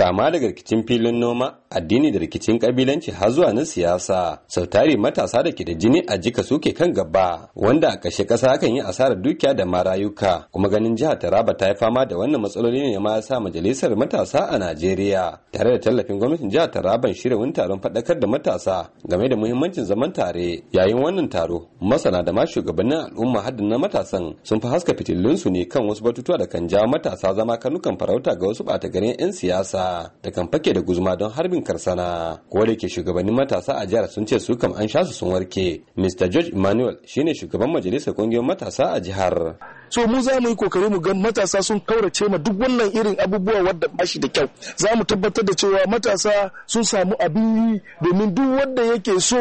kama daga rikicin filin noma addini da rikicin kabilanci har zuwa na siyasa sau tari matasa da ke da jini a jika suke kan gaba wanda a kashe kasa kan yi asarar dukiya da marayuka kuma ganin jihar taraba ta yi fama da wannan matsaloli ne ma sa majalisar matasa a najeriya tare da tallafin gwamnatin jihar taraban shirya wani taron faɗakar da matasa game da muhimmancin zaman tare yayin wannan taro masana da ma shugabannin al'umma haddin na matasan sun fi haska fitilunsu ne kan wasu batutuwa da kan jawo matasa zama kanukan farauta ga wasu ɓata garin 'yan siyasa da kan fake da guzuma don harbin karsana ko da ke shugabannin matasa a jihar sun ce su kam an sha su sun warke mr george emmanuel shine shugaban majalisar kungiyoyin matasa a jihar so mu za mu yi kokari mu ga matasa sun kaurace ma duk wannan irin abubuwa wadda ba shi da kyau za mu tabbatar da cewa matasa sun samu abin yi domin duk wanda yake so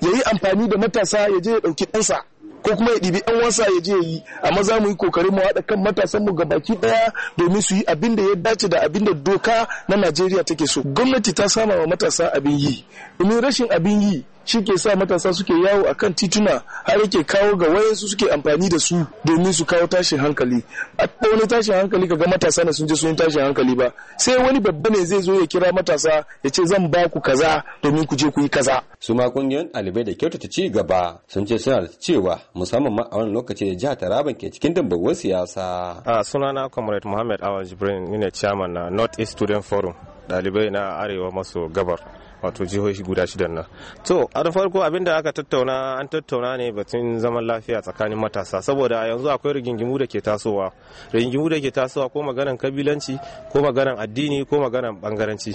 ya yi amfani da matasa ya je ya ɗauki ɗansa ko kuma ya ɗibi ɗan wasa ya je yi amma za mu yi kokarin mu haɗa kan matasan mu gabaki ɗaya domin su yi abin da ya dace da abin da doka na Najeriya take so gwamnati ta sama wa matasa abin yi domin rashin abin yi shi ke sa matasa suke yawo a kan tituna har yake kawo ga wayansu suke amfani da su domin su kawo tashin hankali a wani tashin hankali kaga matasa na sun je sun tashin hankali ba sai wani babba ne zai zo ya kira matasa ya ce zan ba ku kaza domin ku je ku yi kaza su ma kungiyoyin ɗalibai da kyautata ci gaba sun ce suna da cewa musamman ma a wani lokaci da jihar Taraban ke cikin dambawar siyasa a sunana comrade Muhammad Awan Jibrin ni ne chairman na North East Student Forum ɗalibai na arewa maso gabar wato jihohi guda shidan nan to a da farko abin da aka tattauna an tattauna ne batun zaman lafiya tsakanin matasa saboda yanzu akwai rigingimu da ke tasowa rigingimu da ke tasowa ko maganan kabilanci ko maganan addini ko maganan bangaranci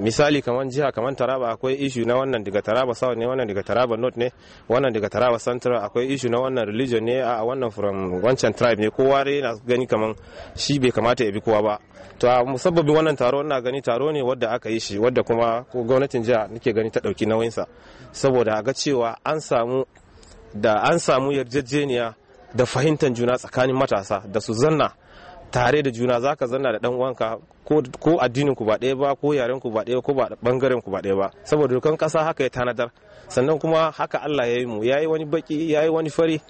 misali kamar jiha kamar taraba akwai ishu na wannan daga taraba south ne wannan daga taraba north ne wannan daga taraba central akwai ishu na wannan religion ne a wannan from wancan tribe ne kowa dai na gani kamar shi bai kamata ya bi kowa ba to musabbabin wannan taro ina gani taro ne wadda aka yi shi wadda kuma gwamnatin gwamnatin jiha nake gani ta ɗauki nauyinsa saboda a ga cewa an samu da an samu yarjejeniya da fahimtar juna tsakanin matasa da su zanna tare da juna zaka zanna da dan uwanka ko addinin ku ba ɗaya ba ko yaren ku ba ɗaya ko ba bangaren ku ba ɗaya ba saboda dukan kasa haka ya tanadar sannan kuma haka Allah ya yi mu yayi wani baki yayi wani fari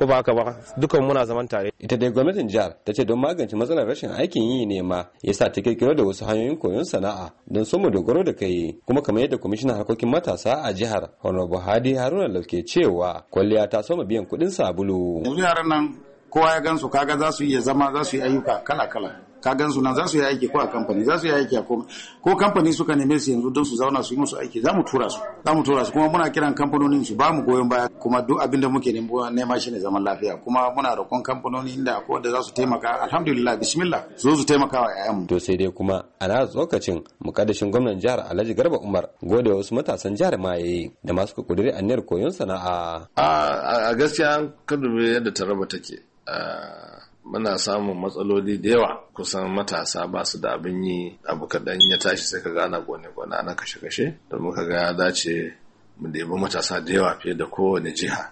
ko ba haka ba dukan muna zaman tare ita dai gwamnatin jihar ta ce don magance matsalar rashin aikin yi ne ma sa ta kirkiro da wasu hanyoyin koyon sana'a don su mu dogaro da kai kuma kamar yadda kwamishinan harkokin matasa a jihar honorable hadi haruna lauke cewa kwalliya ta soma biyan kuɗin sabulu yanzu yaran nan kowa ya gansu kaga za su iya zama za su yi ayyuka kala kala ka gan su za su yi aiki ko a kamfani za su yi aiki a ko ko kamfani suka neme su yanzu don su zauna su yi musu aiki za mu tura su za mu tura su kuma muna kiran kamfanonin su ba mu goyon baya kuma duk abin da muke nema ne zaman lafiya kuma muna roƙon kamfanoni da ko da za su taimaka alhamdulillah bismillah zo su taimaka wa yayan to sai dai kuma ana tsokacin mukaddashin gwamnan jihar Alhaji Garba Umar gode wasu matasan jihar Maye da masu kudiri aniyar koyon sana'a a gaskiya kan yadda ta raba take muna samun matsaloli da yawa kusan matasa ba su da abin yi abu kaɗan ya tashi sai ka gana gone gona na kashe-kashe da muka ga ya dace mu debi matasa da yawa fiye da kowane jiha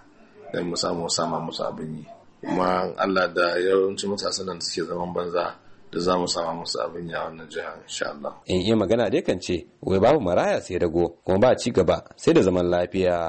don mu samu sama musu abin yi kuma Allah da yawancin matasan nan suke zaman banza da za mu sama musu abin yi a wannan jiha insha Allah. In yi magana dai kan ce wai babu maraya sai rago kuma ba ci gaba sai da zaman lafiya.